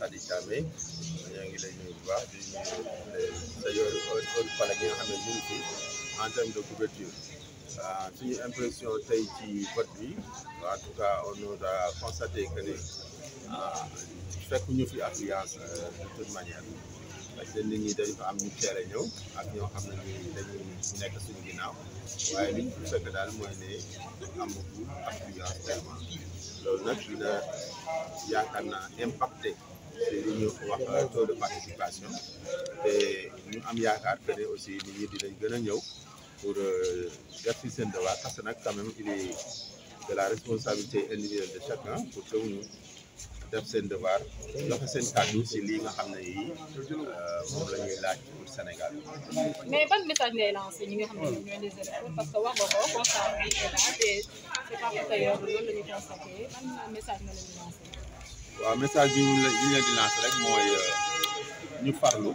Sadi Thiamé ñoo ngi lay nuyu bu baax di nuyu sa yooyu heure fala gi nga xam ne ñu ngi fi en terme de couverture ah, suñu impression tey ci vote bi en tout cas on nous a constaté que ne ah, fekk ñu fi affluence euh, de toute manière parce que nit ñi dañu fa am ñu teel ñëw ak ñoo xam ne ni dañu nekk suñu ginnaaw waaye li ñu fekk daal mooy ne amaguñ affluence tellement loolu nag dina yaakaar naa impacté ci li ñu wax euh, taux de participation te ñu am yaakaar que aussi nit ñi dinañ gën a ñëw pour euh, def ci seen devoir parce que nag quand même il est de la responsabilité individuelle de chacun pour que def seen devoir joxe seen lii nga xam ne yi euh, moom la laaj pour Sénégal. mais ban message nga xam ne ñooy bi waaw message bi ñu la ñu rek mooy euh, ñu farlu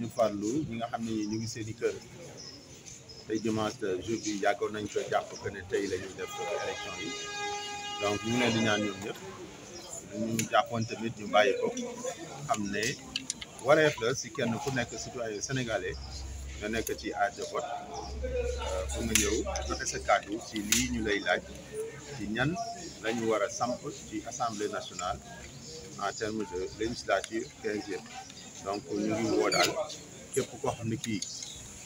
ñu farlu ñi nga xam ne ñu ngi seen i kër. tey dimanche euh, jour bi yàggoon nañ ko jàpp que ne tey la def élection yi donc ñu ngi leen di ñaan ñu jàppoon tamit ñu bàyyi ko xam ne wareef la si kenn ku nekk surtout ay sénégalais nga nekk ci âge de vote pour nga ñëw joxe sa kàddu ci lii ñu lay laaj ci ñan la ñu war a samp ci assemblée nationale en terme de législature donc ñu ngi woo daal képp koo xam ne kii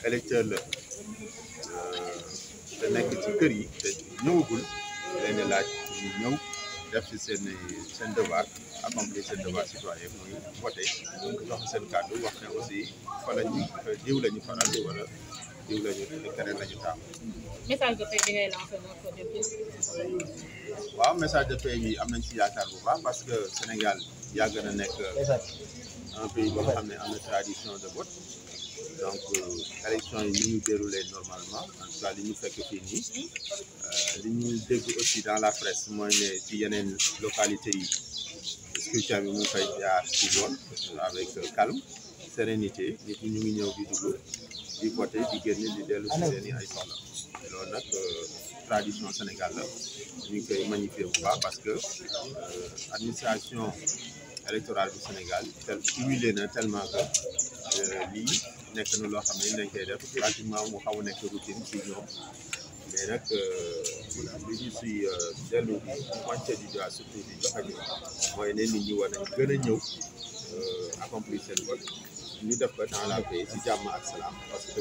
électeur la euh, te nekk ci kër yi te ñëwagul leen laaj ñu ñëw. def si seen seen devoir accomplir seen devoir citoyen muy voté joxe seen kàddu wax ne aussi fa la ñu jiw la ñu faral wala jiw la ñu keneen la ñu de paix bi ngay lancé waaw message de paix bi am nañ ci yaakaar bu baax parce que Sénégal yàgg na nekk un pays boo xam ne am na tradition de vote. donc l'élection euh, est ni ñu normalement en tout cas li fait que fini. nii euh, li aussi dans la presse mooy ne ci une localité est que bi mu fait fay jaar ci avec calme sérénité et ñi ñu ngi ñëw di qui du voté du génn du dellu Alors, notre euh, tradition sénégalaise, la ñu magnifier parce que l'administration électorale du Sénégal tel humilié na tellement que euh, lii nekk na loo xam ne dañ koy def pratiquement mu xaw nekk routine ci ñoom mais nag euh, li ñu si euh, dellu bi pointé du doigt surtout di joxe ñu mooy ne nit ñi war nañ gën a ñëw accomplir seen vote ñu def ko dans la paix ci jàmm ak salaam parce que